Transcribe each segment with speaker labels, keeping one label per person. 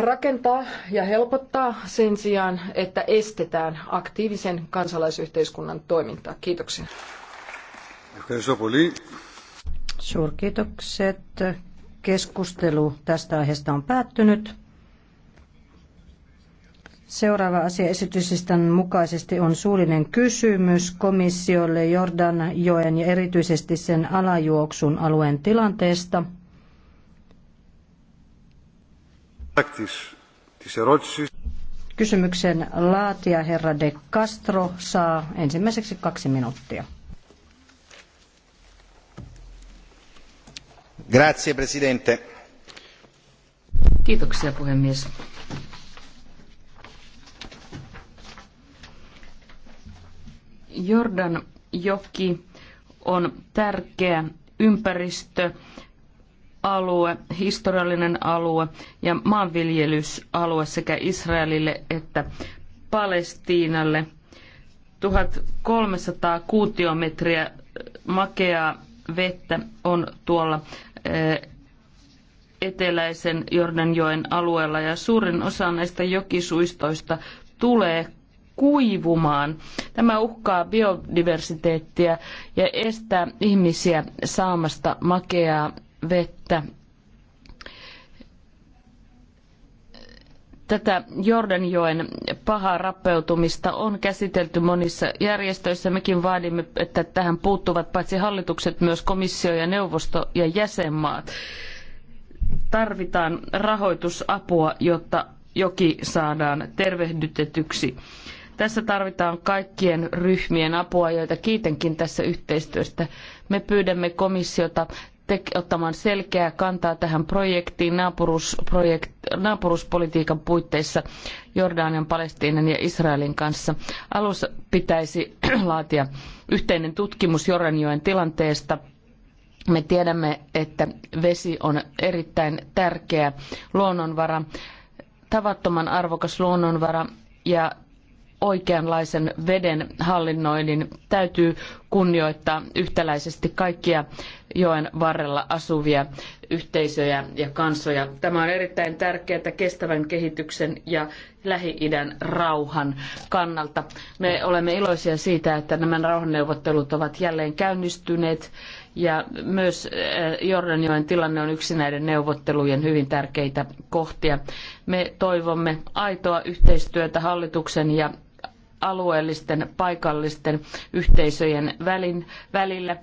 Speaker 1: rakentaa ja helpottaa sen sijaan, että estetään aktiivisen kansalaisyhteiskunnan toimintaa. Kiitoksia.
Speaker 2: Suurkiitokset. Keskustelu tästä aiheesta on päättynyt. Seuraava asia esityslistan mukaisesti on suullinen kysymys komissiolle joen ja erityisesti sen alajuoksun alueen tilanteesta – Kysymyksen laatija herra De Castro saa ensimmäiseksi kaksi minuuttia.
Speaker 3: Grazie, presidente. Kiitoksia puhemies. Jordan joki on tärkeä ympäristö alue, historiallinen alue ja maanviljelysalue sekä Israelille että Palestiinalle. 1300 kuutiometriä äh, makeaa vettä on tuolla äh, eteläisen Jordanjoen alueella ja suurin osa näistä jokisuistoista tulee kuivumaan. Tämä uhkaa biodiversiteettiä ja estää ihmisiä saamasta makeaa vettä. Tätä Jordanjoen pahaa rappeutumista on käsitelty monissa järjestöissä. Mekin vaadimme, että tähän puuttuvat paitsi hallitukset, myös komissio ja neuvosto ja jäsenmaat. Tarvitaan rahoitusapua, jotta joki saadaan tervehdytetyksi. Tässä tarvitaan kaikkien ryhmien apua, joita kiitenkin tässä yhteistyöstä. Me pyydämme komissiota ottamaan selkeää kantaa tähän projektiin naapurusprojekt, naapuruspolitiikan puitteissa Jordanian, Palestiinan ja Israelin kanssa. Alussa pitäisi laatia yhteinen tutkimus Jordanjoen tilanteesta. Me tiedämme, että vesi on erittäin tärkeä luonnonvara, tavattoman arvokas luonnonvara ja oikeanlaisen veden hallinnoinnin täytyy kunnioittaa yhtäläisesti kaikkia joen varrella asuvia yhteisöjä ja kansoja. Tämä on erittäin tärkeää kestävän kehityksen ja Lähi-idän rauhan kannalta. Me olemme iloisia siitä, että nämä rauhanneuvottelut ovat jälleen käynnistyneet ja myös eh, Jordanjoen tilanne on yksi näiden neuvottelujen hyvin tärkeitä kohtia. Me toivomme aitoa yhteistyötä hallituksen ja alueellisten, paikallisten yhteisöjen välin, välillä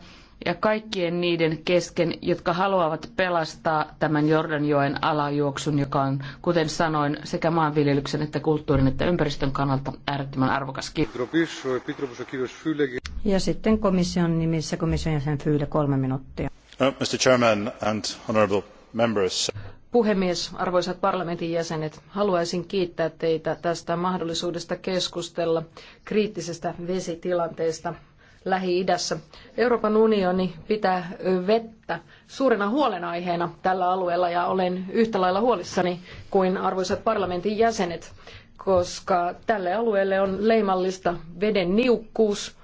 Speaker 3: ja kaikkien niiden kesken, jotka haluavat pelastaa tämän Jordanjoen alajuoksun, joka on, kuten sanoin, sekä maanviljelyksen että kulttuurin että ympäristön kannalta äärettömän arvokas.
Speaker 2: Ja sitten komission nimissä komission jäsen Fyyle kolme minuuttia. Uh, Mr. Chairman and honorable members puhemies, arvoisat
Speaker 1: parlamentin jäsenet, haluaisin kiittää teitä tästä mahdollisuudesta keskustella kriittisestä vesitilanteesta Lähi-idässä. Euroopan unioni pitää vettä suurena huolenaiheena tällä alueella ja olen yhtä lailla huolissani kuin arvoisat parlamentin jäsenet, koska tälle alueelle on leimallista veden niukkuus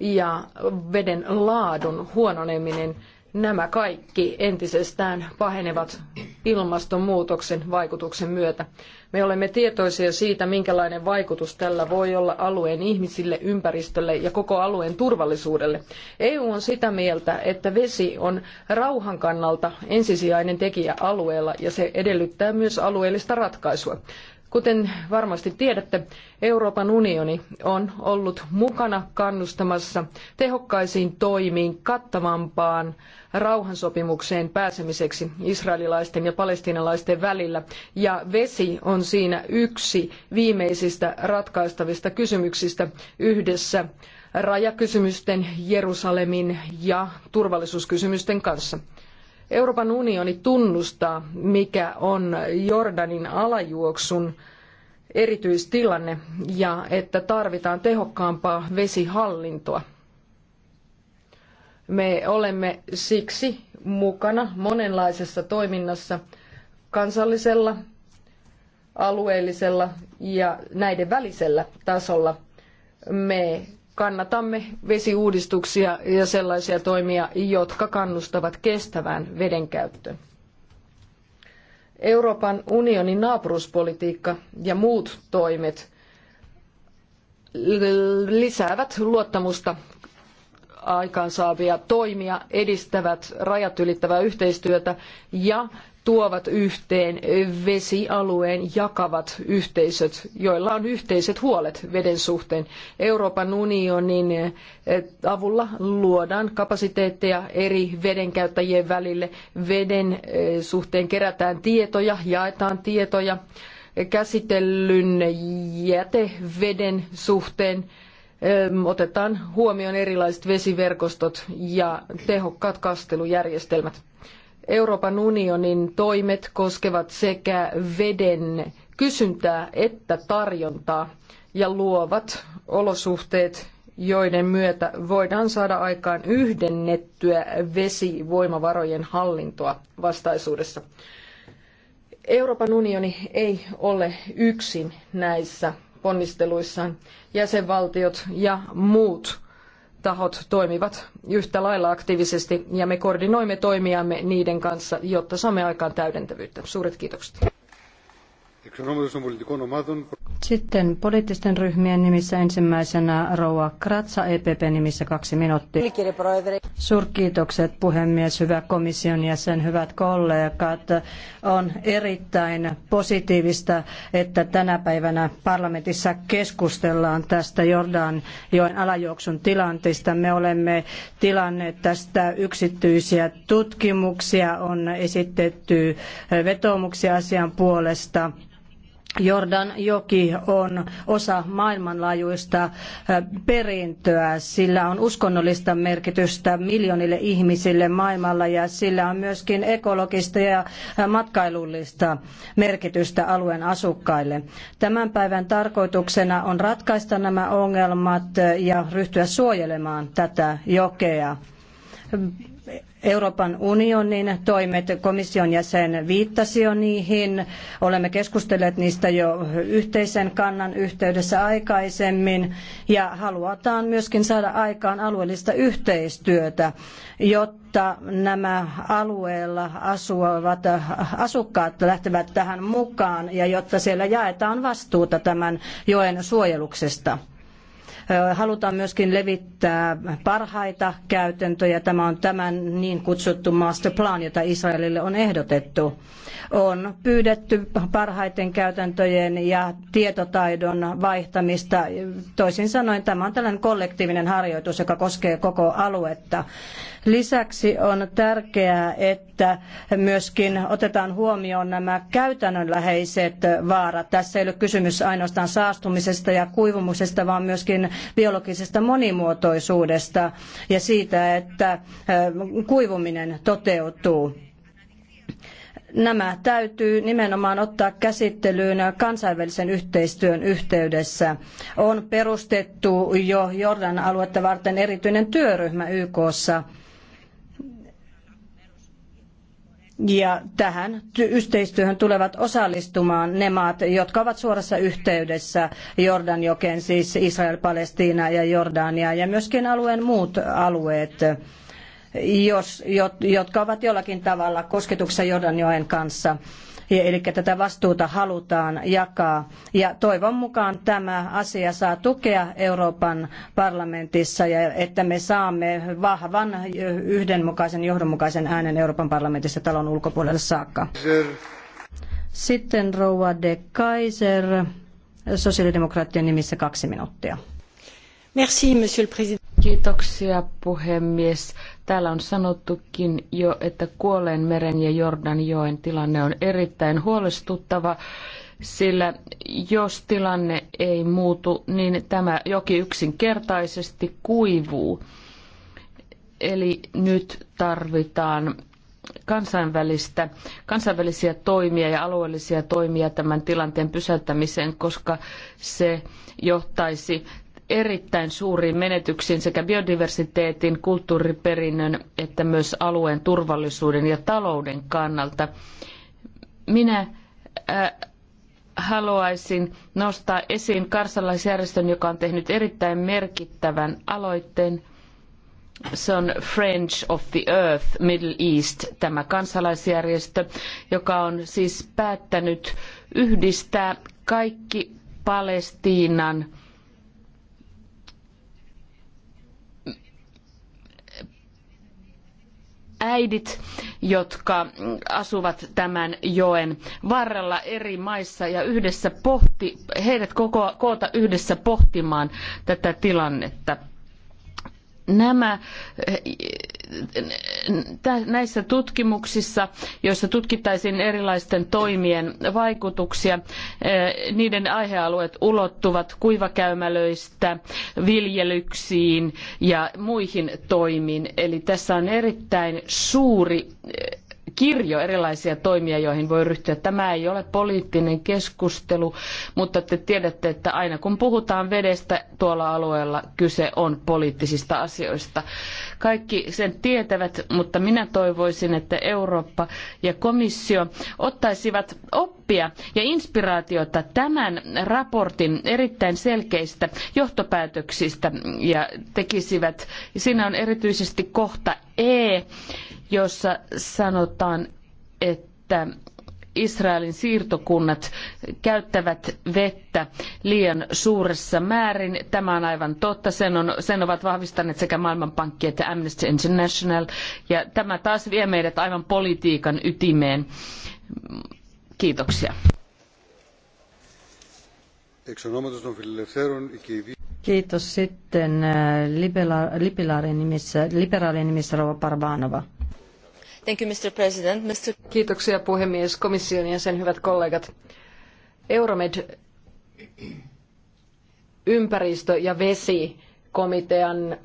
Speaker 1: ja veden laadun huononeminen Nämä kaikki entisestään pahenevat ilmastonmuutoksen vaikutuksen myötä. Me olemme tietoisia siitä, minkälainen vaikutus tällä voi olla alueen ihmisille, ympäristölle ja koko alueen turvallisuudelle. EU on sitä mieltä, että vesi on rauhan kannalta ensisijainen tekijä alueella ja se edellyttää myös alueellista ratkaisua. Kuten varmasti tiedätte, Euroopan unioni on ollut mukana kannustamassa tehokkaisiin toimiin kattavampaan rauhansopimukseen pääsemiseksi israelilaisten ja palestiinalaisten välillä. Ja vesi on siinä yksi viimeisistä ratkaistavista kysymyksistä yhdessä rajakysymysten, Jerusalemin ja turvallisuuskysymysten kanssa. Euroopan unioni tunnustaa, mikä on Jordanin alajuoksun erityistilanne ja että tarvitaan tehokkaampaa vesihallintoa. Me olemme siksi mukana monenlaisessa toiminnassa kansallisella, alueellisella ja näiden välisellä tasolla. Me kannatamme vesiuudistuksia ja sellaisia toimia, jotka kannustavat kestävään vedenkäyttöön. Euroopan unionin naapuruspolitiikka ja muut toimet lisäävät luottamusta aikaansaavia toimia, edistävät rajat ylittävää yhteistyötä ja tuovat yhteen vesialueen jakavat yhteisöt, joilla on yhteiset huolet veden suhteen. Euroopan unionin eh, avulla luodaan kapasiteetteja eri vedenkäyttäjien välille. Veden eh, suhteen kerätään tietoja, jaetaan tietoja käsitellyn jäteveden suhteen eh, otetaan huomioon erilaiset vesiverkostot ja tehokkaat kastelujärjestelmät. Euroopan unionin toimet koskevat sekä veden kysyntää että tarjontaa ja luovat olosuhteet, joiden myötä voidaan saada aikaan yhdennettyä vesivoimavarojen hallintoa vastaisuudessa. Euroopan unioni ei ole yksin näissä ponnisteluissaan. Jäsenvaltiot ja muut tahot toimivat yhtä lailla aktiivisesti ja me koordinoimme toimiamme niiden kanssa, jotta saamme aikaan täydentävyyttä. Suuret kiitokset.
Speaker 2: Sitten poliittisten ryhmien nimissä ensimmäisenä Rouva Kratsa, EPP nimissä kaksi minuuttia. Niin, Suurkiitokset puhemies, hyvä komission jäsen, hyvät kollegat. On erittäin positiivista, että tänä päivänä parlamentissa keskustellaan tästä Jordanjoen alajuoksun tilanteesta. Me olemme tilanneet tästä yksityisiä tutkimuksia, on esitetty vetoomuksia asian puolesta Jordan joki on osa maailmanlaajuista äh, perintöä. Sillä on uskonnollista merkitystä miljoonille ihmisille maailmalla ja sillä on myöskin ekologista ja äh, matkailullista merkitystä alueen asukkaille. Tämän päivän tarkoituksena on ratkaista nämä ongelmat äh, ja ryhtyä suojelemaan tätä jokea. Euroopan unionin toimet, komission jäsen viittasi jo niihin. Olemme keskustelleet niistä jo yhteisen kannan yhteydessä aikaisemmin ja halutaan myöskin saada aikaan alueellista yhteistyötä, jotta nämä alueella asuvat asukkaat lähtevät tähän mukaan ja jotta siellä jaetaan vastuuta tämän joen suojeluksesta. Halutaan myöskin levittää parhaita käytäntöjä. Tämä on tämän niin kutsuttu masterplan, jota Israelille on ehdotettu. On pyydetty parhaiten käytäntöjen ja tietotaidon vaihtamista. Toisin sanoen tämä on tällainen kollektiivinen harjoitus, joka koskee koko aluetta. Lisäksi on tärkeää, että myöskin otetaan huomioon nämä käytännönläheiset vaarat. Tässä ei ole kysymys ainoastaan saastumisesta ja kuivumisesta, vaan myöskin biologisesta monimuotoisuudesta ja siitä, että kuivuminen toteutuu nämä täytyy nimenomaan ottaa käsittelyyn kansainvälisen yhteistyön yhteydessä. On perustettu jo Jordan aluetta varten erityinen työryhmä YKssa Ja tähän yhteistyöhön tulevat osallistumaan ne maat, jotka ovat suorassa yhteydessä Jordanjokeen, siis Israel, Palestiina ja Jordania ja myöskin alueen muut alueet, jos, jotka ovat jollakin tavalla kosketuksessa Jordanjoen kanssa eli tätä vastuuta halutaan jakaa. Ja toivon mukaan tämä asia saa tukea Euroopan parlamentissa ja että me saamme vahvan, yhdenmukaisen, johdonmukaisen äänen Euroopan parlamentissa talon ulkopuolelle saakka. Sitten rouva de Kaiser, sosiaalidemokraattien nimissä kaksi minuuttia.
Speaker 3: Merci, monsieur le président. Kiitoksia puhemies. Täällä on sanottukin jo, että Kuolleen meren ja joen tilanne on erittäin huolestuttava, sillä jos tilanne ei muutu, niin tämä joki yksinkertaisesti kuivuu. Eli nyt tarvitaan kansainvälistä, kansainvälisiä toimia ja alueellisia toimia tämän tilanteen pysäyttämiseen, koska se johtaisi erittäin suuriin menetyksiin sekä biodiversiteetin, kulttuuriperinnön että myös alueen turvallisuuden ja talouden kannalta. Minä äh, haluaisin nostaa esiin kansalaisjärjestön, joka on tehnyt erittäin merkittävän aloitteen. Se on French of the Earth Middle East, tämä kansalaisjärjestö, joka on siis päättänyt yhdistää kaikki Palestiinan äidit, jotka asuvat tämän joen varrella eri maissa ja yhdessä pohti, heidät koko, koota yhdessä pohtimaan tätä tilannetta nämä, eh, näissä tutkimuksissa, joissa tutkittaisiin erilaisten toimien vaikutuksia, eh, niiden aihealueet ulottuvat kuivakäymälöistä viljelyksiin ja muihin toimiin. Eli tässä on erittäin suuri eh, kirjo erilaisia toimia, joihin voi ryhtyä. Tämä ei ole poliittinen keskustelu, mutta te tiedätte, että aina kun puhutaan vedestä tuolla alueella, kyse on poliittisista asioista. Kaikki sen tietävät, mutta minä toivoisin, että Eurooppa ja komissio ottaisivat oppia ja inspiraatiota tämän raportin erittäin selkeistä johtopäätöksistä ja tekisivät, siinä on erityisesti kohta E, jossa sanotaan, että Israelin siirtokunnat käyttävät vettä liian suuressa määrin. Tämä on aivan totta. Sen, on, sen ovat vahvistaneet sekä Maailmanpankki että Amnesty International. Ja tämä taas vie meidät aivan politiikan ytimeen. Kiitoksia.
Speaker 2: Kiitos sitten äh, Libelaarin nimissä, liberaalien nimissä Rova
Speaker 1: arvoisa Kiitoksia puhemies, komission jäsen hyvät kollegat. Euromed ympäristö- ja vesikomitean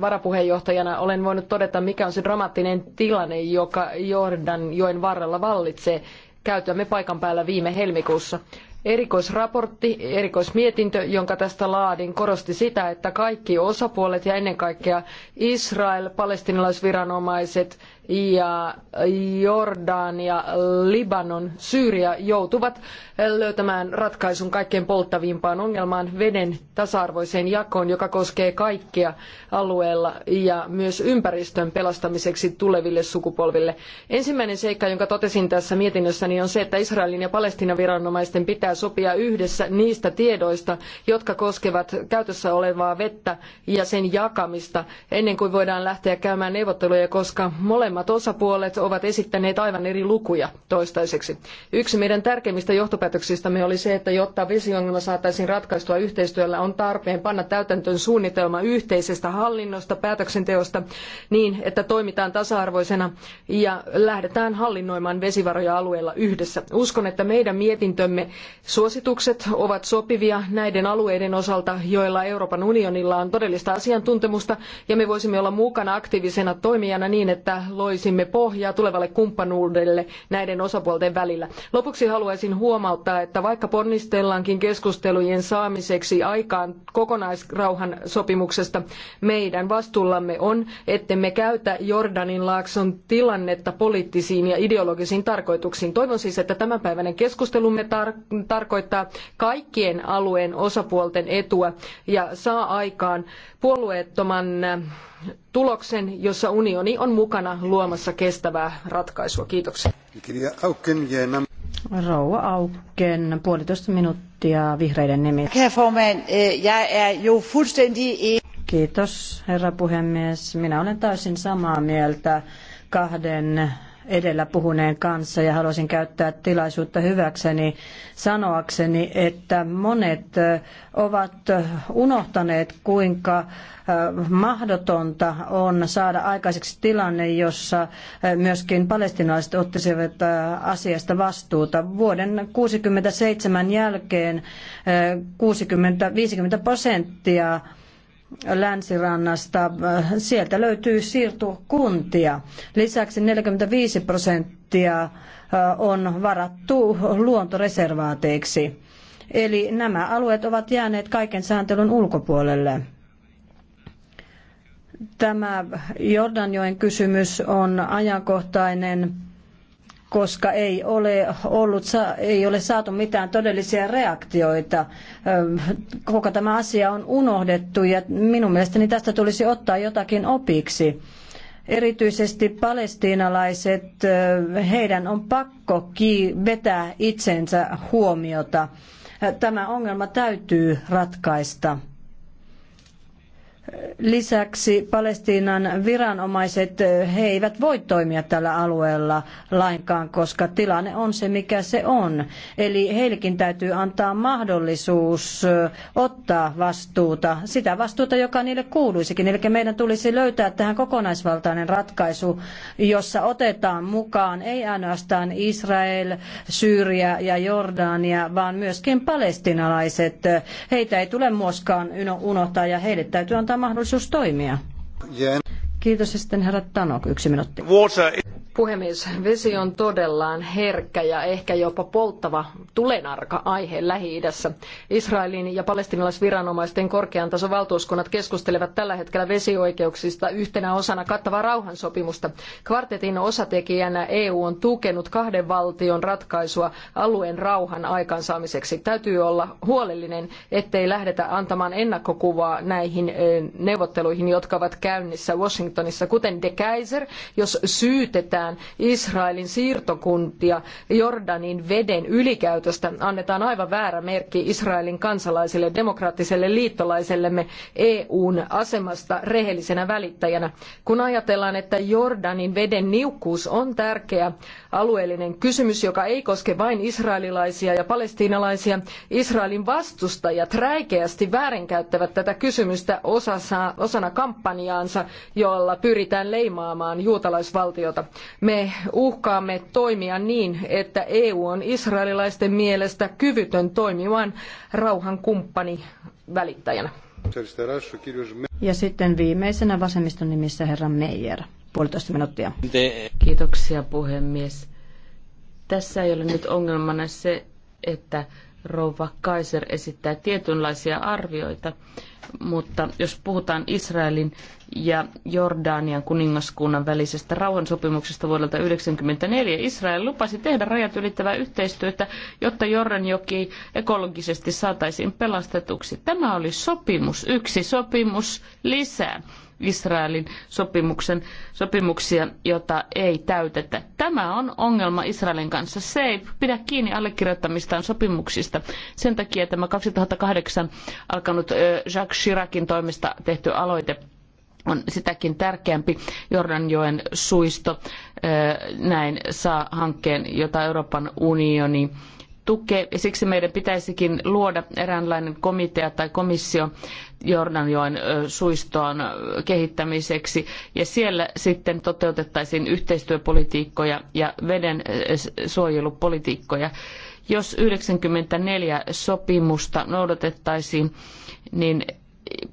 Speaker 1: varapuheenjohtajana olen voinut todeta, mikä on se dramaattinen tilanne, joka Jordanjoen varrella vallitsee. Käytyämme paikan päällä viime helmikuussa. Erikoisraportti, erikoismietintö, jonka tästä laadin, korosti sitä, että kaikki osapuolet ja ennen kaikkea Israel, palestiinalaisviranomaiset ja Jordania, Libanon, Syyria joutuvat löytämään ratkaisun kaikkein polttavimpaan ongelmaan veden tasa-arvoiseen jakoon, joka koskee kaikkia alueella ja myös ympäristön pelastamiseksi tuleville sukupolville. Ensimmäinen seikka, jonka totesin tässä mietinnössäni, on se, että Israelin ja Palestiinan viranomaisten pitää sopia yhdessä niistä tiedoista, jotka koskevat käytössä olevaa vettä ja sen jakamista, ennen kuin voidaan lähteä käymään neuvotteluja, koska molemmat molemmat osapuolet ovat esittäneet aivan eri lukuja toistaiseksi. Yksi meidän tärkeimmistä johtopäätöksistämme oli se, että jotta vesiongelma saataisiin ratkaistua yhteistyöllä, on tarpeen panna täytäntöön suunnitelma yhteisestä hallinnosta, päätöksenteosta niin, että toimitaan tasa-arvoisena ja lähdetään hallinnoimaan vesivaroja alueella yhdessä. Uskon, että meidän mietintömme suositukset ovat sopivia näiden alueiden osalta, joilla Euroopan unionilla on todellista asiantuntemusta ja me voisimme olla mukana aktiivisena toimijana niin, että loisimme pohjaa tulevalle kumppanuudelle näiden osapuolten välillä. Lopuksi haluaisin huomauttaa, että vaikka ponnistellaankin keskustelujen saamiseksi aikaan kokonaisrauhan sopimuksesta, meidän vastuullamme on, ettemme käytä Jordanin laakson tilannetta poliittisiin ja ideologisiin tarkoituksiin. Toivon siis, että tämänpäiväinen keskustelumme tar- tarkoittaa kaikkien alueen osapuolten etua ja saa aikaan puolueettoman tuloksen, jossa unioni on mukana luomassa kestävää ratkaisua. Kiitoksia.
Speaker 2: Rouva Auken, puolitoista minuuttia vihreiden nimi. Øh, er Kiitos, herra puhemies. Minä olen täysin samaa mieltä kahden edellä puhuneen kanssa ja haluaisin käyttää tilaisuutta hyväkseni sanoakseni, että monet ovat unohtaneet, kuinka mahdotonta on saada aikaiseksi tilanne, jossa myöskin palestinalaiset ottaisivat asiasta vastuuta. Vuoden 67 jälkeen 60, 50 prosenttia länsirannasta. Sieltä löytyy siirtokuntia. Lisäksi 45 prosenttia on varattu luontoreservaateiksi. Eli nämä alueet ovat jääneet kaiken sääntelyn ulkopuolelle. Tämä Jordanjoen kysymys on ajankohtainen koska ei ole, ollut, ei ole saatu mitään todellisia reaktioita. Koko tämä asia on unohdettu ja minun mielestäni tästä tulisi ottaa jotakin opiksi erityisesti palestiinalaiset, heidän on pakko vetää itsensä huomiota. Tämä ongelma täytyy ratkaista. Lisäksi Palestiinan viranomaiset, eh, he eivät voi toimia tällä alueella lainkaan, koska tilanne on se, mikä se on. Eli heillekin täytyy antaa mahdollisuus eh, ottaa vastuuta, sitä vastuuta, joka niille kuuluisikin. Eli meidän tulisi löytää tähän kokonaisvaltainen ratkaisu, jossa otetaan mukaan ei ainoastaan Israel, Syyria ja Jordania, vaan myöskin palestinalaiset. Heitä ei tule muoskaan unohtaa ja heille täytyy antaa mahdollisuus toimia. Kiitos ja sitten herra Tanok, yksi minuutti
Speaker 1: puhemies, vesi on todellaan herkkä ja ehkä jopa polttava tulenarka aihe Lähi-idässä. Israelin ja palestinalaisviranomaisten korkean tason valtuuskunnat keskustelevat tällä hetkellä vesioikeuksista yhtenä osana kattavaa rauhansopimusta. Kvartetin osatekijänä EU on tukenut kahden valtion ratkaisua alueen rauhan aikaansaamiseksi. Täytyy olla huolellinen, ettei lähdetä antamaan ennakkokuvaa näihin neuvotteluihin, jotka ovat käynnissä Washingtonissa, kuten de Kaiser, jos syytetään syytetään Israelin siirtokuntia Jordanin veden ylikäytöstä, annetaan aivan väärä merkki Israelin kansalaisille demokraattiselle liittolaisellemme EUn asemasta rehellisenä välittäjänä. Kun ajatellaan, että Jordanin veden niukkuus on tärkeä alueellinen kysymys, joka ei koske vain israelilaisia ja palestiinalaisia, Israelin vastustajat räikeästi väärinkäyttävät tätä kysymystä osana kampanjaansa, jolla pyritään leimaamaan juutalaisvaltiota. Me uhkaamme toimia niin, että EU on israelilaisten mielestä kyvytön toimimaan rauhankumppani välittäjänä.
Speaker 2: Ja sitten viimeisenä vasemmiston nimissä herra Meijer. Puolitoista minuuttia. Kiitoksia puhemies. Tässä ei ole nyt ongelmana se,
Speaker 3: että rouva Kaiser esittää tietynlaisia arvioita, mutta jos puhutaan Israelin ja Jordanian kuningaskunnan välisestä rauhansopimuksesta vuodelta 1994, Israel lupasi tehdä rajat ylittävää yhteistyötä, jotta Jordanjoki ekologisesti saataisiin pelastetuksi. Tämä oli sopimus, yksi sopimus lisää. Israelin sopimuksen, sopimuksia, jota ei täytetä. Tämä on ongelma Israelin kanssa. Se ei pidä kiinni allekirjoittamistaan sopimuksista. Sen takia tämä 2008 alkanut Jacques Chiracin toimesta tehty aloite on sitäkin tärkeämpi Jordanjoen suisto. Näin saa hankkeen, jota Euroopan unioni tukee ja siksi meidän pitäisikin luoda eräänlainen komitea tai komissio Jordanjoen suistoon kehittämiseksi ja siellä sitten toteutettaisiin yhteistyöpolitiikkoja ja veden suojelupolitiikkoja. Jos 94 sopimusta noudatettaisiin, niin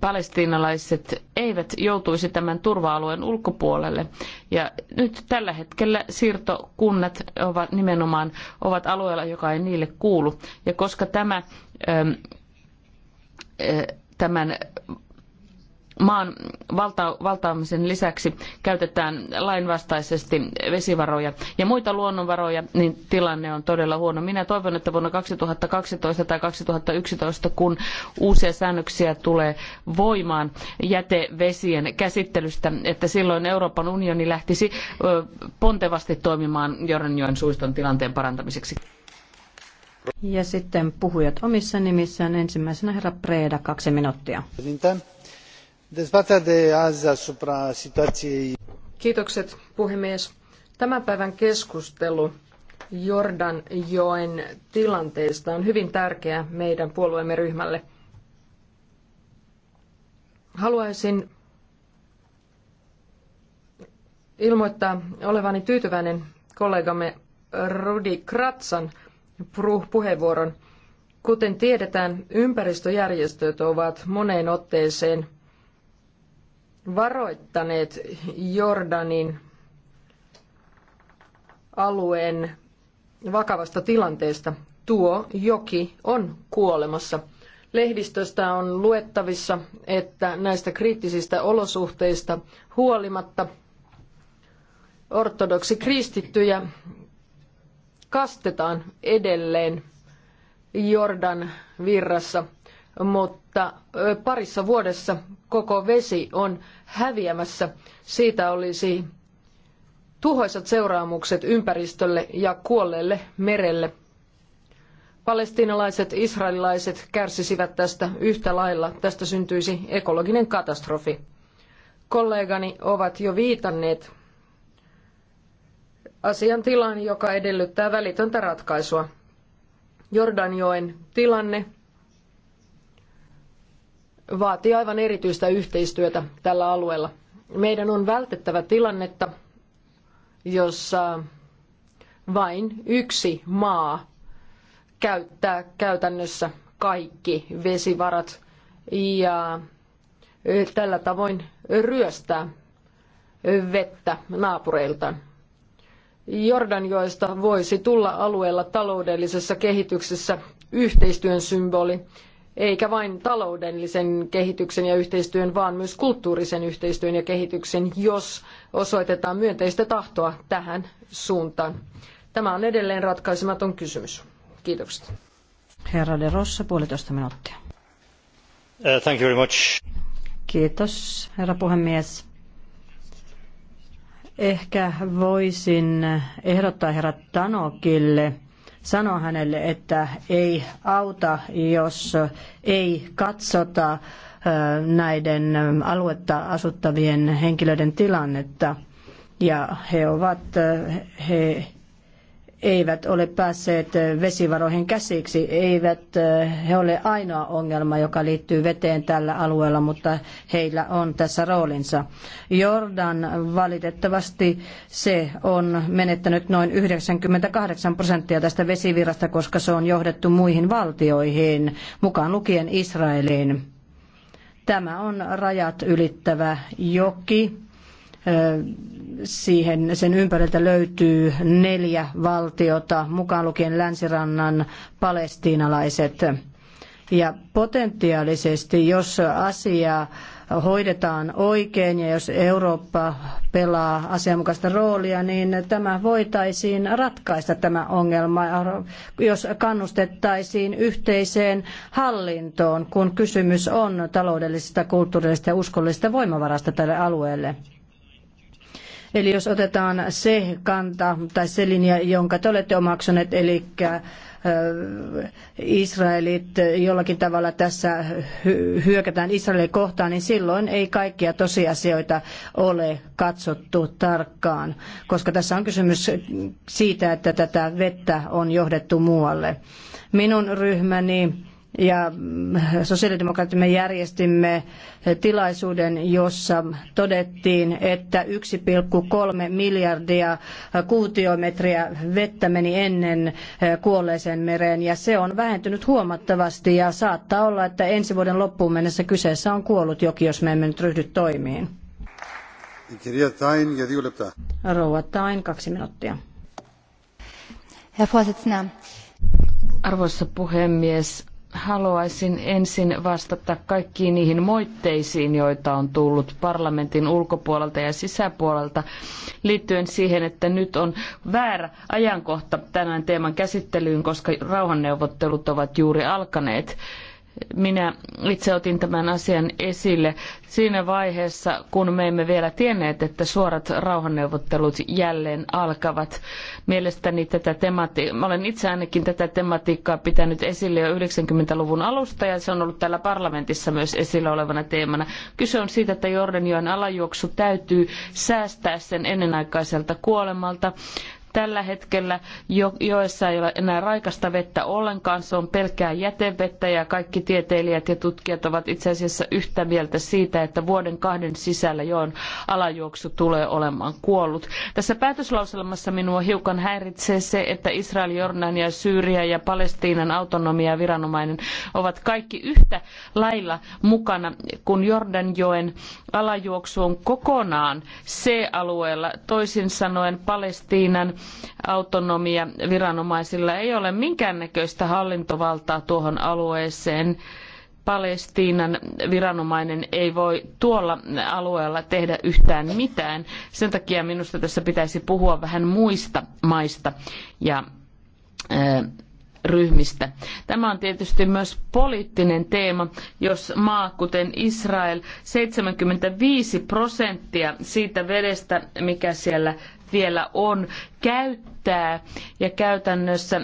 Speaker 3: palestiinalaiset eivät joutuisi tämän turva-alueen ulkopuolelle. Ja nyt tällä hetkellä siirtokunnat ovat nimenomaan ovat alueella, joka ei niille kuulu. Ja koska tämä, tämän maan valta, valtaamisen lisäksi käytetään lainvastaisesti vesivaroja ja muita luonnonvaroja, niin tilanne on todella huono. Minä toivon, että vuonna 2012 tai 2011, kun uusia säännöksiä tulee voimaan jätevesien käsittelystä, että silloin Euroopan unioni lähtisi pontevasti toimimaan Jordanjoen suiston tilanteen parantamiseksi.
Speaker 2: Ja sitten puhujat omissa nimissään. Ensimmäisenä herra kaksi minuuttia
Speaker 1: dezbaterea de azi asupra puhemies. Tämän päivän keskustelu Jordanjoen tilanteesta on hyvin tärkeä meidän puolueemme ryhmälle. Haluaisin ilmoittaa olevani tyytyväinen kollegamme Rudi Kratsan puheenvuoron. Kuten tiedetään, ympäristöjärjestöt ovat moneen otteeseen varoittaneet Jordanin alueen vakavasta tilanteesta. Tuo joki on kuolemassa. Lehdistöstä on luettavissa, että näistä kriittisistä olosuhteista huolimatta ortodoksi kristittyjä kastetaan edelleen Jordan virrassa – mutta parissa vuodessa koko vesi on häviämässä. Siitä olisi tuhoisat seuraamukset ympäristölle ja kuolleelle merelle. Palestiinalaiset, israelilaiset kärsisivät tästä yhtä lailla. Tästä syntyisi ekologinen katastrofi. Kollegani ovat jo viitanneet asiantilaan, joka edellyttää välitöntä ratkaisua. Jordanjoen tilanne vaatii aivan erityistä yhteistyötä tällä alueella. Meidän on vältettävä tilannetta, jossa vain yksi maa käyttää käytännössä kaikki vesivarat ja tällä tavoin ryöstää vettä naapureiltaan. Jordanjoesta voisi tulla alueella taloudellisessa kehityksessä yhteistyön symboli eikä vain taloudellisen kehityksen ja yhteistyön, vaan myös kulttuurisen yhteistyön ja kehityksen, jos osoitetaan myönteistä tahtoa tähän suuntaan. Tämä on edelleen ratkaisematon kysymys. Kiitokset.
Speaker 2: Herra de Rossa, puolitoista minuuttia.
Speaker 3: Uh, thank you very much.
Speaker 2: Kiitos, herra puhemies. Ehkä voisin ehdottaa herra Tanokille – sanoa hänelle, että ei auta, jos ei katsota näiden aluetta asuttavien henkilöiden tilannetta. Ja he ovat, he eivät ole päässeet vesivaroihin käsiksi, eivät he ole ainoa ongelma, joka liittyy veteen tällä alueella, mutta heillä on tässä roolinsa. Jordan valitettavasti se on menettänyt noin 98 prosenttia tästä vesivirrasta, koska se on johdettu muihin valtioihin, mukaan lukien Israeliin. Tämä on rajat ylittävä joki siihen, sen ympäriltä löytyy neljä valtiota, mukaan lukien länsirannan palestiinalaiset. Ja potentiaalisesti, jos asia hoidetaan oikein ja jos Eurooppa pelaa asianmukaista roolia, niin tämä voitaisiin ratkaista tämä ongelma, jos kannustettaisiin yhteiseen hallintoon, kun kysymys on taloudellisesta, kulttuurillisesta ja uskollisesta voimavarasta tälle alueelle. Eli jos otetaan se kanta tai se linja, jonka te olette omaksuneet, eli äh, Israelit jollakin tavalla tässä hyökätään Israelin kohtaan, niin silloin ei kaikkia tosiasioita ole katsottu tarkkaan, koska tässä on kysymys siitä, että tätä vettä on johdettu muualle. Minun ryhmäni ja mm, sosiaalidemokraattimme järjestimme tilaisuuden, jossa todettiin, että 1,3 miljardia kuutiometriä vettä meni ennen eh, kuolleeseen mereen ja se on vähentynyt huomattavasti ja saattaa olla, että ensi vuoden loppuun mennessä kyseessä on kuollut joki, jos me emme nyt ryhdy toimiin. Rouva Tain, kaksi minuuttia. Arvoisa
Speaker 3: puhemies, haluaisin ensin vastata kaikkiin niihin moitteisiin, joita on tullut parlamentin ulkopuolelta ja sisäpuolelta liittyen siihen, että nyt on väärä ajankohta tämän teeman käsittelyyn, koska rauhanneuvottelut ovat juuri alkaneet minä itse otin tämän asian esille siinä vaiheessa, kun me emme vielä tienneet, että suorat rauhanneuvottelut jälleen alkavat. Mielestäni tätä temati- olen itse ainakin tätä tematiikkaa pitänyt esille jo 90-luvun alusta ja se on ollut täällä parlamentissa myös esillä olevana teemana. Kyse on siitä, että Jordanjoen alajuoksu täytyy säästää sen ennenaikaiselta kuolemalta. Tällä hetkellä jo, joessa ei ole enää raikasta vettä ollenkaan, se on pelkkää jätevettä ja kaikki tieteilijät ja tutkijat ovat itse asiassa yhtä mieltä siitä, että vuoden kahden sisällä joen alajuoksu tulee olemaan kuollut. Tässä päätöslauselmassa minua hiukan häiritsee se, että Israel, Jordania, Syyria ja Palestiinan autonomia viranomainen ovat kaikki yhtä lailla mukana, kun Jordanjoen alajuoksu on kokonaan C-alueella, toisin sanoen Palestiinan autonomia. Viranomaisilla ei ole minkäännäköistä hallintovaltaa tuohon alueeseen. Palestiinan viranomainen ei voi tuolla alueella tehdä yhtään mitään. Sen takia minusta tässä pitäisi puhua vähän muista maista ja ryhmistä. Tämä on tietysti myös poliittinen teema, jos maa, kuten Israel, 75 prosenttia siitä vedestä, mikä siellä vielä on käyttää ja käytännössä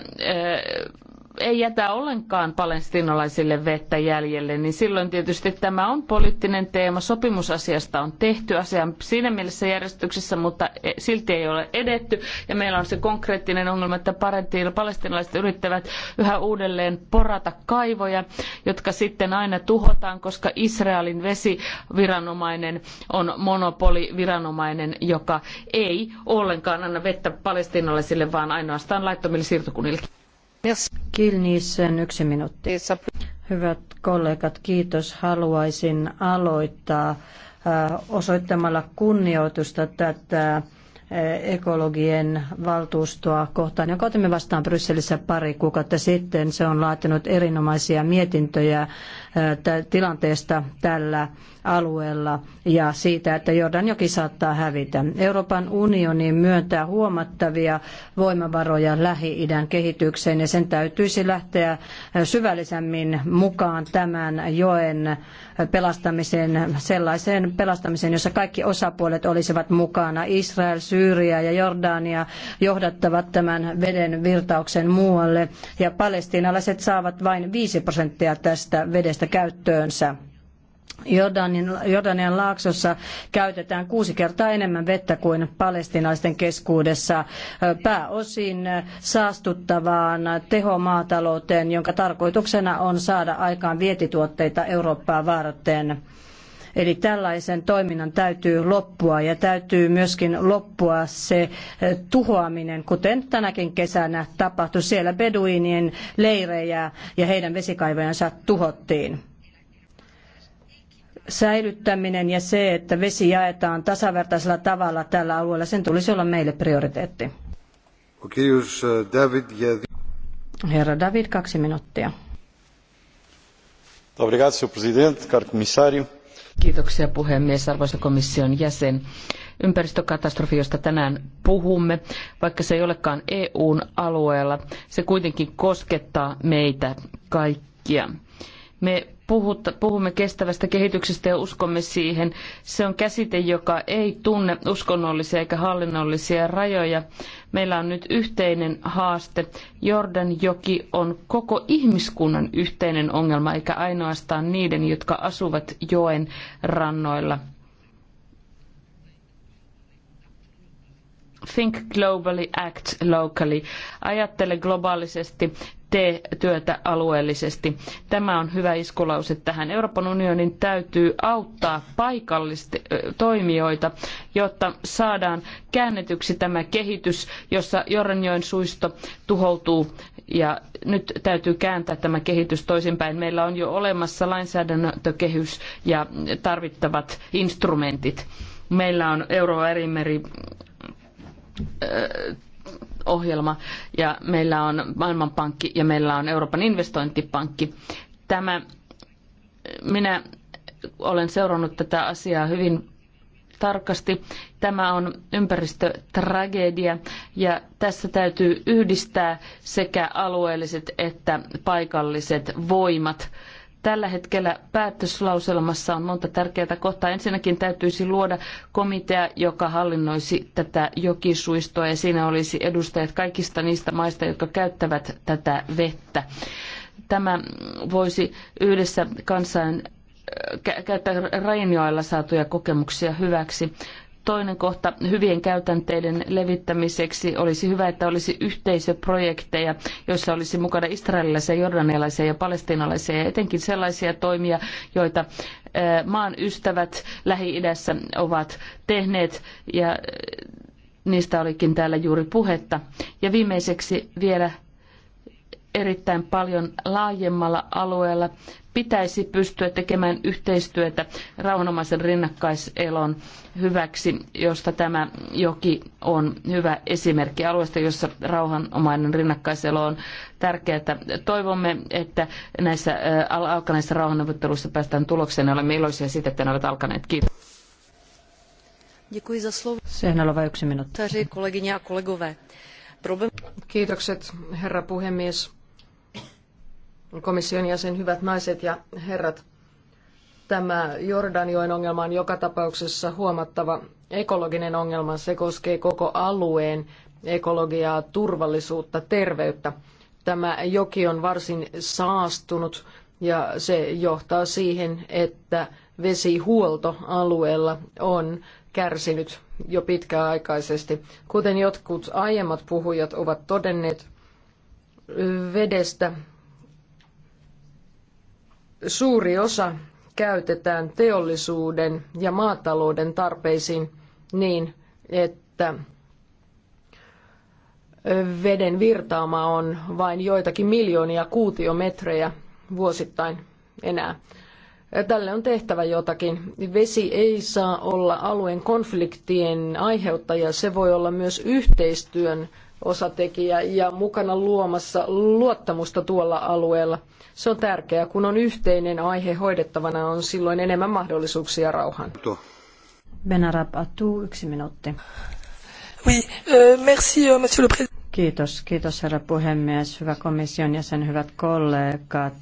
Speaker 3: ei jätä ollenkaan palestinalaisille vettä jäljelle, niin silloin tietysti tämä on poliittinen teema. Sopimusasiasta on tehty asia siinä mielessä järjestyksessä, mutta e, silti ei ole edetty. Ja meillä on se konkreettinen ongelma, että palestinalaiset yrittävät yhä uudelleen porata kaivoja, jotka sitten aina tuhotaan, koska Israelin vesiviranomainen on monopoliviranomainen, joka ei ollenkaan anna vettä palestinalaisille, vaan ainoastaan laittomille siirtokunnille.
Speaker 2: Kilniisen yksi minuutti. Hyvät kollegat, kiitos. Haluaisin aloittaa äh, osoittamalla kunnioitusta tätä äh, ekologien valtuustoa kohtaan, jonka otimme vastaan Brysselissä pari kuukautta sitten. Se on laatinut erinomaisia mietintöjä äh, tilanteesta tällä alueella ja siitä, että Jordanjoki saattaa hävitä. Euroopan unioni myöntää huomattavia voimavaroja Lähi-idän kehitykseen ja sen täytyisi lähteä syvällisemmin mukaan tämän joen pelastamiseen, sellaiseen pelastamiseen, jossa kaikki osapuolet olisivat mukana. Israel, Syyria ja Jordania johdattavat tämän veden virtauksen muualle ja palestiinalaiset saavat vain 5 prosenttia tästä vedestä käyttöönsä. Jordanin, Jordanian laaksossa käytetään kuusi kertaa enemmän vettä kuin palestinaisten keskuudessa pääosin saastuttavaan tehomaatalouteen, jonka tarkoituksena on saada aikaan vietituotteita Eurooppaa varten. Eli tällaisen toiminnan täytyy loppua ja täytyy myöskin loppua se eh, tuhoaminen, kuten tänäkin kesänä tapahtui. Siellä beduinien leirejä ja heidän vesikaivojansa tuhottiin säilyttäminen ja se, että vesi jaetaan tasavertaisella tavalla tällä alueella, sen tulisi olla meille prioriteetti. Äh, Herra David, kaksi minuuttia.
Speaker 3: Kiitoksia puhemies, arvoisa komission jäsen. Ympäristökatastrofi, josta tänään puhumme, vaikka se ei olekaan EUn alueella, se kuitenkin koskettaa meitä kaikkia. Me puhumme kestävästä kehityksestä ja uskomme siihen. Se on käsite, joka ei tunne uskonnollisia eikä hallinnollisia rajoja. Meillä on nyt yhteinen haaste. Jordanjoki on koko ihmiskunnan yhteinen ongelma, eikä ainoastaan niiden, jotka asuvat joen rannoilla. Think globally, act locally. Ajattele globaalisesti, tee työtä alueellisesti. Tämä on hyvä iskulause tähän. Euroopan unionin täytyy auttaa paikallista toimijoita, jotta saadaan käännetyksi tämä kehitys, jossa Jorrenjoen suisto tuhoutuu ja nyt täytyy kääntää tämä kehitys toisinpäin. Meillä on jo olemassa lainsäädäntökehys ja tarvittavat instrumentit. Meillä on euroerimeri ohjelma ja meillä on Maailmanpankki ja meillä on Euroopan investointipankki. Tämä, minä olen seurannut tätä asiaa hyvin tarkasti. Tämä on ympäristötragedia ja tässä täytyy yhdistää sekä alueelliset että paikalliset voimat Tällä hetkellä päätöslauselmassa on monta tärkeää kohtaa. Ensinnäkin täytyisi luoda komitea, joka hallinnoisi tätä jokisuistoa ja siinä olisi edustajat kaikista niistä maista, jotka käyttävät tätä vettä. Tämä voisi yhdessä kansain käyttää rainioilla saatuja kokemuksia hyväksi. Toinen kohta hyvien käytänteiden levittämiseksi olisi hyvä, että olisi yhteisöprojekteja, joissa olisi mukana israelilaisia, jordanialaisia ja palestiinalaisia ja etenkin sellaisia toimia, joita eh, maan ystävät Lähi-idässä ovat tehneet ja eh, niistä olikin täällä juuri puhetta. Ja viimeiseksi vielä erittäin paljon laajemmalla alueella pitäisi pystyä tekemään yhteistyötä rauhanomaisen rinnakkaiselon hyväksi, josta tämä joki on hyvä esimerkki alueesta, jossa rauhanomainen rinnakkaiselo on tärkeää. Toivomme, että näissä alkaneissa rauhanneuvotteluissa päästään tulokseen ja olemme iloisia siitä, että ne ovat
Speaker 2: alkaneet. Kiitos. Děkuji za slovo. Sehnalova yksi minuutti. Kolegyně
Speaker 1: a kolegové. Kiitokset, herra puhemies komission jäsen, hyvät naiset ja herrat. Tämä Jordanjoen ongelma on joka tapauksessa huomattava ekologinen ongelma. Se koskee koko alueen ekologiaa, turvallisuutta, terveyttä. Tämä joki on varsin saastunut ja se johtaa siihen, että vesihuolto alueella on kärsinyt jo pitkäaikaisesti. Kuten jotkut aiemmat puhujat ovat todenneet, vedestä suuri osa käytetään teollisuuden ja maatalouden tarpeisiin niin, että veden virtaama on vain joitakin miljoonia kuutiometrejä vuosittain enää. Tälle on tehtävä jotakin. Vesi ei saa olla alueen konfliktien aiheuttaja, se voi olla myös yhteistyön osatekijä ja mukana luomassa luottamusta tuolla alueella. Se on tärkeää, kun on yhteinen aihe hoidettavana, on silloin enemmän mahdollisuuksia
Speaker 2: rauhaan. Benarab Atu, yksi minuutti. Oui, euh, merci, euh, monsieur le président. Kiitos, kiitos herra puhemies, hyvä komission jäsen, hyvät kollegat.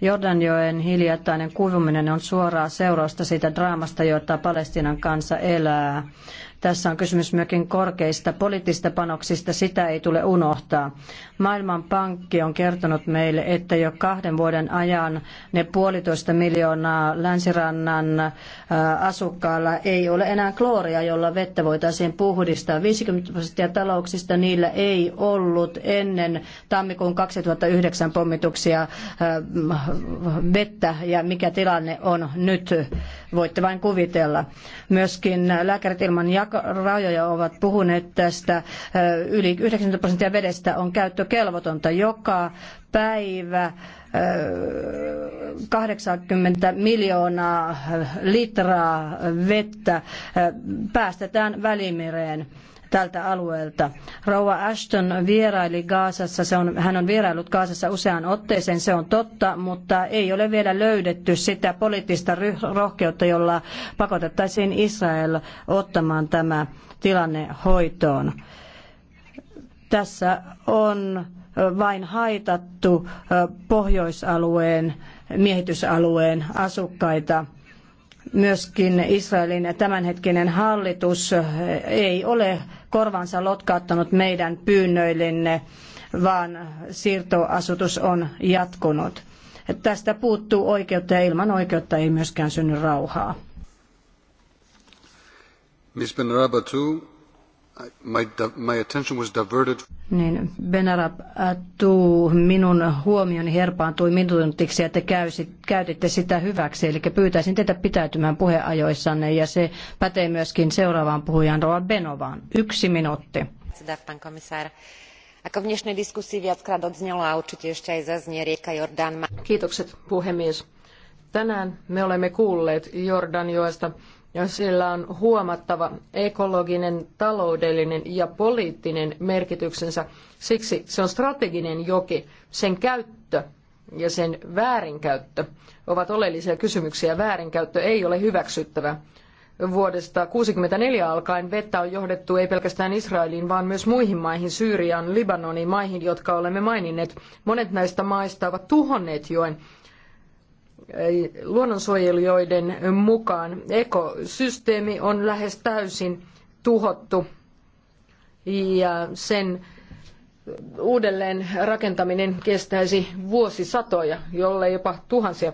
Speaker 2: Jordanjoen hiljattainen kuivuminen on suoraa seurausta siitä draamasta, jota Palestiinan kansa elää. Tässä on kysymys myöskin korkeista poliittisista panoksista, sitä ei tule unohtaa. Maailmanpankki on kertonut meille, että jo kahden vuoden ajan ne puolitoista miljoonaa länsirannan asukkaalla ei ole enää klooria, jolla vettä voitaisiin puhdistaa. 50 prosenttia talouksista niillä ei ollut ennen tammikuun 2009 pommituksia vettä ja mikä tilanne on nyt, voitte vain kuvitella. Myöskin lääkärit ilman jakaa rajoja ovat puhuneet tästä. Yli 90 prosenttia vedestä on käyttökelvotonta joka päivä. 80 miljoonaa litraa vettä päästetään välimereen tältä alueelta. Rouva Ashton vieraili Gaasassa, se on, hän on vierailut Gaasassa useaan otteeseen, se on totta, mutta ei ole vielä löydetty sitä poliittista rohkeutta, jolla pakotettaisiin Israel ottamaan tämä tilanne hoitoon. Tässä on vain haitattu pohjoisalueen, miehitysalueen asukkaita myöskin Israelin tämänhetkinen hallitus ei ole korvansa lotkauttanut meidän pyynnöillenne, vaan siirtoasutus on jatkunut. Tästä puuttuu oikeutta ja ilman oikeutta ei myöskään synny rauhaa.
Speaker 3: Miss Rabatu? My, my attention was diverted.
Speaker 2: Niin, Benarab tuu, minun huomioni herpaantui minuutiksi ja te käysit, käytitte sitä hyväksi. Eli pyytäisin teitä pitäytymään puheajoissanne ja se pätee myöskin seuraavaan puhujaan Roa Benovaan. Yksi minuutti. Ako
Speaker 1: rieka Jordán. Kiitokset puhemies. Tänään me olemme kuulleet Jordanjoesta joesta ja sillä on huomattava ekologinen, taloudellinen ja poliittinen merkityksensä. Siksi se on strateginen joki. Sen käyttö ja sen väärinkäyttö ovat oleellisia kysymyksiä. Väärinkäyttö ei ole hyväksyttävä. Vuodesta 1964 alkaen vettä on johdettu ei pelkästään Israeliin, vaan myös muihin maihin, Syyriaan, Libanoniin, maihin, jotka olemme maininneet. Monet näistä maista ovat tuhonneet joen luonnonsuojelijoiden mukaan ekosysteemi on lähes täysin tuhottu ja sen uudelleen rakentaminen kestäisi vuosisatoja, jollei jopa tuhansia.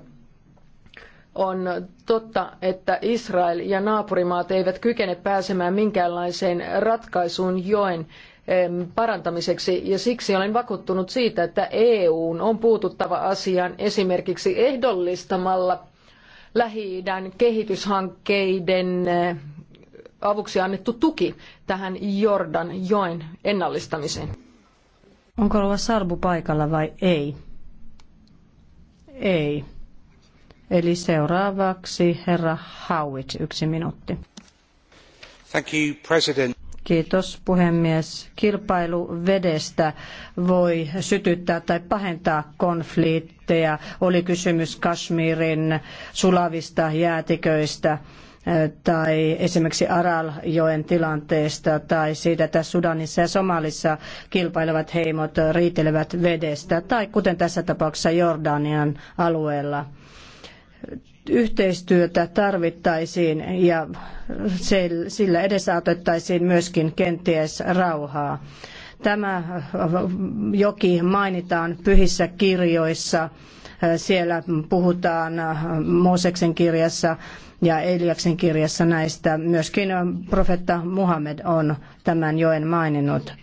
Speaker 1: On totta, että Israel ja naapurimaat eivät kykene pääsemään minkäänlaiseen ratkaisuun joen parantamiseksi ja siksi olen vakuuttunut siitä, että n on puututtava asiaan esimerkiksi ehdollistamalla Lähi-idän kehityshankkeiden eh, avuksi annettu tuki tähän Jordan joen ennallistamiseen.
Speaker 2: Onko Rova Sarbu paikalla vai ei? Ei. Eli seuraavaksi herra Howitt, yksi minuutti. Thank you, President. Kiitos puhemies. Kilpailu vedestä voi sytyttää tai pahentaa konflikteja. Oli kysymys Kashmirin sulavista jäätiköistä eh, tai esimerkiksi Araljoen tilanteesta tai siitä, että Sudanissa ja Somalissa kilpailevat heimot riitelevät vedestä tai kuten tässä tapauksessa Jordanian alueella yhteistyötä tarvittaisiin ja sillä edesautettaisiin myöskin kenties rauhaa. Tämä joki mainitaan pyhissä kirjoissa. Siellä puhutaan Mooseksen kirjassa ja Eliaksen kirjassa näistä. Myöskin profetta Muhammed on tämän joen maininnut.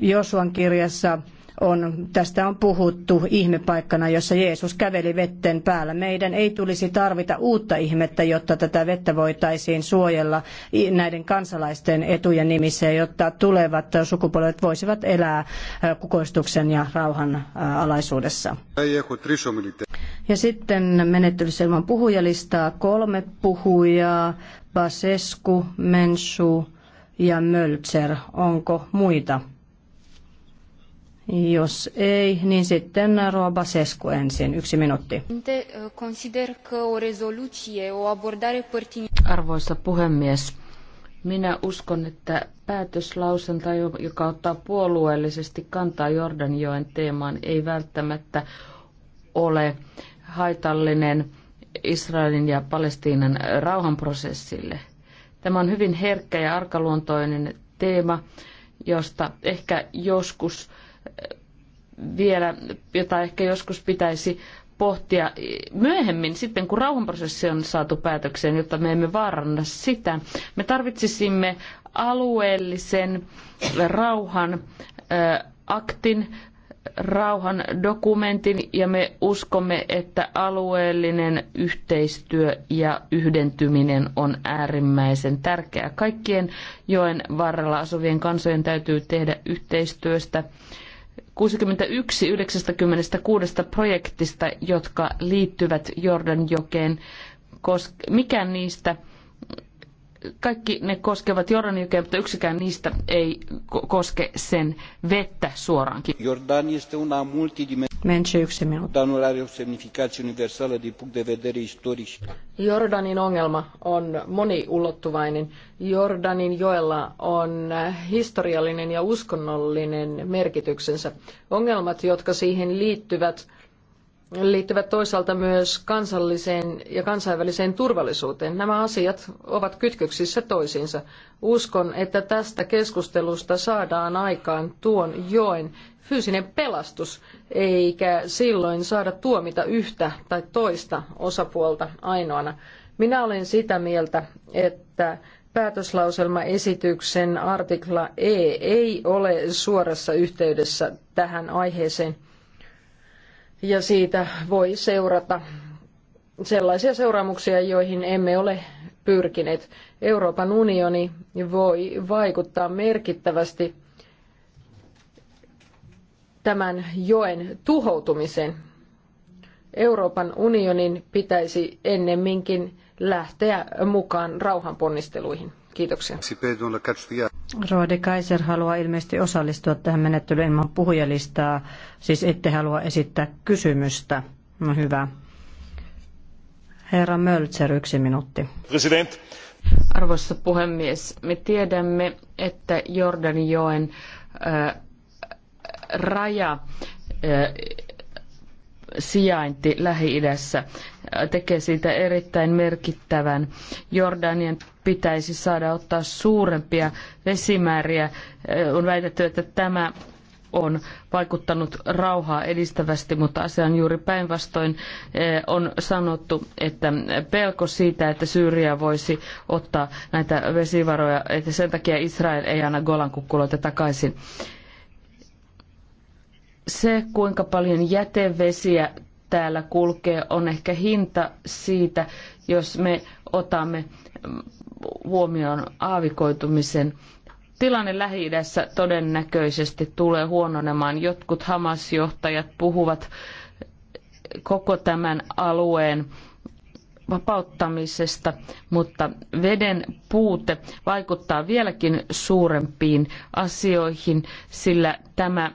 Speaker 2: Josuan kirjassa on, tästä on puhuttu ihmepaikkana, jossa Jeesus käveli vetten päällä. Meidän ei tulisi tarvita uutta ihmettä, jotta tätä vettä voitaisiin suojella näiden kansalaisten etujen nimissä, jotta tulevat sukupolvet voisivat elää kukoistuksen ja rauhan alaisuudessa. Ja sitten menettelyssä ilman puhujalistaa kolme puhujaa, Basescu, Mensu ja Möltser. Onko muita? Jos ei, niin sitten Roa Basescu ensin. Yksi minuutti. Arvoisa puhemies, minä uskon, että päätöslauselta,
Speaker 3: joka ottaa puolueellisesti kantaa Jordanjoen teemaan, ei välttämättä ole haitallinen Israelin ja Palestiinan rauhanprosessille. Tämä on hyvin herkkä ja arkaluontoinen teema, josta ehkä joskus vielä, jota ehkä joskus pitäisi pohtia myöhemmin, sitten kun rauhanprosessi on saatu päätökseen, jotta me emme vaaranna sitä. Me tarvitsisimme alueellisen rauhan aktin, rauhan dokumentin ja me uskomme, että alueellinen yhteistyö ja yhdentyminen on äärimmäisen tärkeää. Kaikkien joen varrella asuvien kansojen täytyy tehdä yhteistyöstä 61 96 projektista, jotka liittyvät Jordanjokeen, koska mikään niistä kaikki ne koskevat Jordanjokea, mutta yksikään niistä ei koske sen vettä suoraankin. este una
Speaker 1: Jordanin ongelma on moniulottuvainen. Jordanin joella on historiallinen ja uskonnollinen merkityksensä. Ongelmat, jotka siihen liittyvät, liittyvät toisaalta myös kansalliseen ja kansainväliseen turvallisuuteen. Nämä asiat ovat kytköksissä toisiinsa. Uskon, että tästä keskustelusta saadaan aikaan tuon joen fyysinen pelastus, eikä silloin saada tuomita yhtä tai toista osapuolta ainoana. Minä olen sitä mieltä, että päätöslauselmaesityksen artikla E ei ole suorassa yhteydessä tähän aiheeseen – ja siitä voi seurata sellaisia seuraamuksia, joihin emme ole pyrkineet. Euroopan unioni voi vaikuttaa merkittävästi tämän joen tuhoutumiseen. Euroopan unionin pitäisi ennemminkin lähteä mukaan rauhanponnisteluihin. Kiitoksia.
Speaker 2: Roa Kaiser haluaa ilmeisesti osallistua tähän menettelyyn ilman puhujalistaa, siis ette halua esittää kysymystä. No hyvä. Herra Möltser, yksi minuutti.
Speaker 3: President. Arvoisa puhemies, me tiedämme, että Jordanjoen äh, raja äh, sijainti Lähi-idässä tekee siitä erittäin merkittävän. Jordanian pitäisi saada ottaa suurempia vesimääriä. On väitetty, että tämä on vaikuttanut rauhaa edistävästi, mutta asia on juuri päinvastoin. On sanottu, että pelko siitä, että Syyria voisi ottaa näitä vesivaroja, että sen takia Israel ei anna Golan kukkuloita takaisin. Se, kuinka paljon jätevesiä täällä kulkee, on ehkä hinta siitä, jos me otamme huomioon aavikoitumisen. Tilanne lähi todennäköisesti tulee huononemaan. Jotkut Hamas-johtajat puhuvat koko tämän alueen vapauttamisesta, mutta veden puute vaikuttaa vieläkin suurempiin asioihin, sillä tämä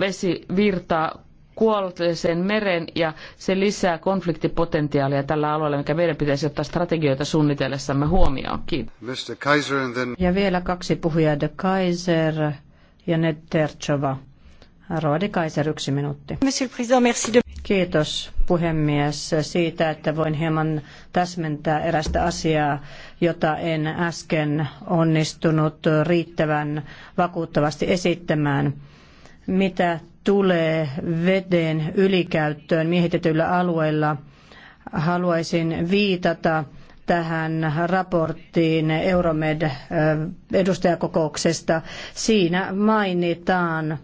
Speaker 3: vesi virtaa kuolleeseen meren ja se lisää konfliktipotentiaalia tällä alueella, mikä meidän pitäisi ottaa strategioita
Speaker 2: suunnitellessamme huomioon. Kiitos. Ja vielä kaksi puhujaa, De Kaiser ja Ned Terchova. Kaiser, yksi minuutti. Kiitos puhemies siitä, että voin hieman täsmentää erästä asiaa, jota en äsken onnistunut riittävän vakuuttavasti esittämään mitä tulee veden ylikäyttöön miehitetyillä alueilla, haluaisin viitata tähän raporttiin Euromed edustajakokouksesta. Siinä mainitaan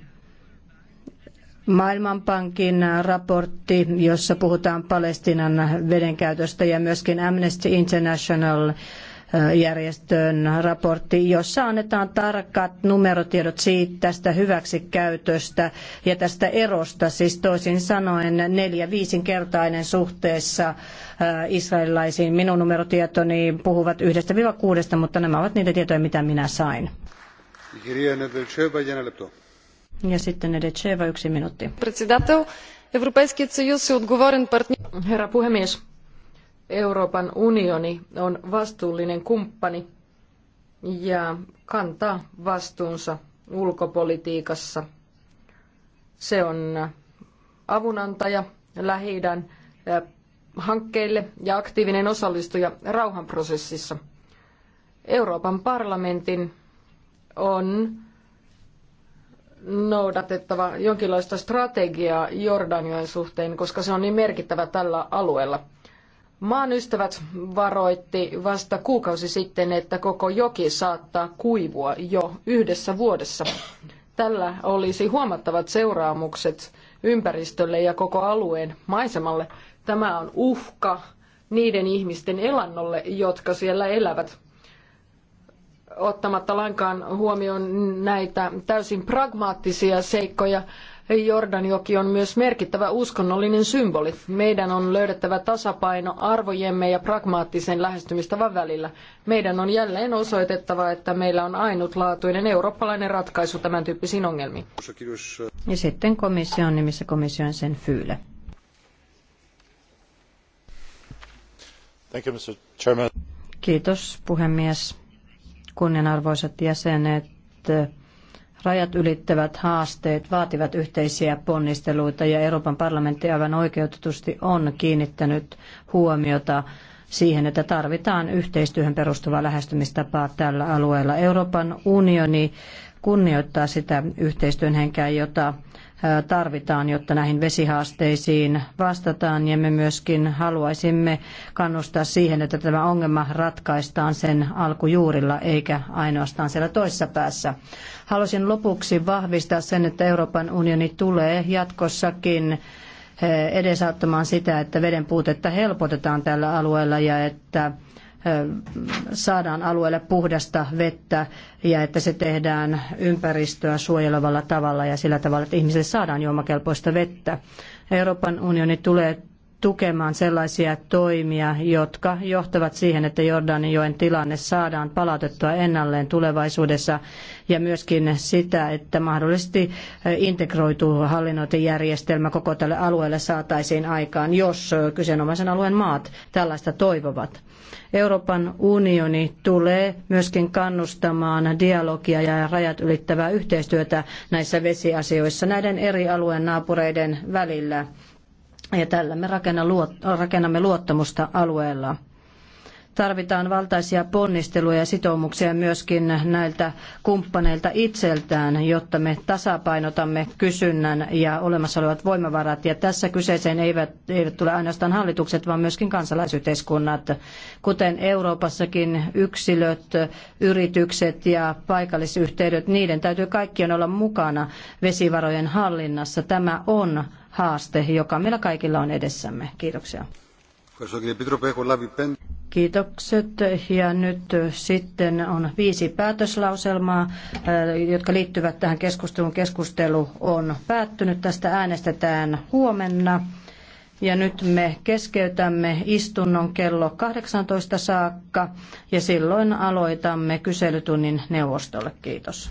Speaker 2: Maailmanpankin raportti, jossa puhutaan Palestiinan vedenkäytöstä ja myöskin Amnesty International järjestön raportti, jossa annetaan tarkat numerotiedot siitä tästä hyväksikäytöstä ja tästä erosta, siis toisin sanoen neljä viisinkertainen suhteessa äh, israelilaisiin. Minun numerotietoni puhuvat yhdestä viiva kuudesta, mutta nämä ovat niitä tietoja, mitä minä sain. Ja sitten Edecheva, yksi minuutti.
Speaker 1: Herra puhemies, Euroopan unioni on vastuullinen kumppani ja kantaa vastuunsa ulkopolitiikassa. Se on avunantaja lähi hankkeille ja aktiivinen osallistuja rauhanprosessissa. Euroopan parlamentin on noudatettava jonkinlaista strategiaa Jordanian suhteen, koska se on niin merkittävä tällä alueella – Maan ystävät varoitti vasta kuukausi sitten, että koko joki saattaa kuivua jo yhdessä vuodessa. Tällä olisi huomattavat seuraamukset ympäristölle ja koko alueen maisemalle. Tämä on uhka niiden ihmisten elannolle, jotka siellä elävät ottamatta lainkaan huomioon näitä täysin pragmaattisia seikkoja, Jordanjoki on myös merkittävä uskonnollinen symboli. Meidän on löydettävä tasapaino arvojemme ja pragmaattisen lähestymistavan välillä. Meidän on jälleen osoitettava, että meillä on ainutlaatuinen eurooppalainen ratkaisu tämän tyyppisiin ongelmiin.
Speaker 2: Ja sitten on nimissä komission sen Fyyle. Kiitos puhemies. Kunnianarvoisat jäsenet Rajat ylittävät haasteet vaativat yhteisiä ponnisteluita ja Euroopan parlamentti aivan oikeutetusti on kiinnittänyt huomiota siihen, että tarvitaan yhteistyöhön perustuvaa lähestymistapaa tällä alueella. Euroopan unioni kunnioittaa sitä yhteistyön henkeä, jota tarvitaan, jotta näihin vesihaasteisiin vastataan. Ja me myöskin haluaisimme kannustaa siihen, että tämä ongelma ratkaistaan sen alkujuurilla eikä ainoastaan siellä toisessa päässä. Haluaisin lopuksi vahvistaa sen, että Euroopan unioni tulee jatkossakin edesauttamaan sitä, että veden puutetta helpotetaan tällä alueella ja että saadaan alueelle puhdasta vettä ja että se tehdään ympäristöä suojelevalla tavalla ja sillä tavalla, että ihmisille saadaan juomakelpoista vettä. Euroopan unioni tulee tukemaan sellaisia toimia, jotka johtavat siihen, että Jordanin joen tilanne saadaan palautettua ennalleen tulevaisuudessa ja myöskin sitä, että mahdollisesti integroitu hallinnointijärjestelmä koko tälle alueelle saataisiin aikaan, jos kyseenomaisen alueen maat tällaista toivovat. Euroopan unioni tulee myöskin kannustamaan dialogia ja rajat ylittävää yhteistyötä näissä vesiasioissa näiden eri alueen naapureiden välillä. Ja tällä me rakennamme luottamusta alueella tarvitaan valtaisia ponnisteluja ja sitoumuksia myöskin näiltä kumppaneilta itseltään, jotta me tasapainotamme kysynnän ja olemassa olevat voimavarat. Ja tässä kyseeseen eivät, eivät tule ainoastaan hallitukset, vaan myöskin kansalaisyhteiskunnat, kuten Euroopassakin yksilöt, yritykset ja paikallisyhteydet, niiden täytyy kaikkien olla mukana vesivarojen hallinnassa. Tämä on haaste, joka meillä kaikilla on edessämme. Kiitoksia. Kiitokset. Ja nyt sitten on viisi päätöslauselmaa, äh, jotka liittyvät tähän keskusteluun. Keskustelu on päättynyt. Tästä äänestetään huomenna. Ja nyt me keskeytämme istunnon kello 18 saakka ja silloin aloitamme kyselytunnin neuvostolle. Kiitos.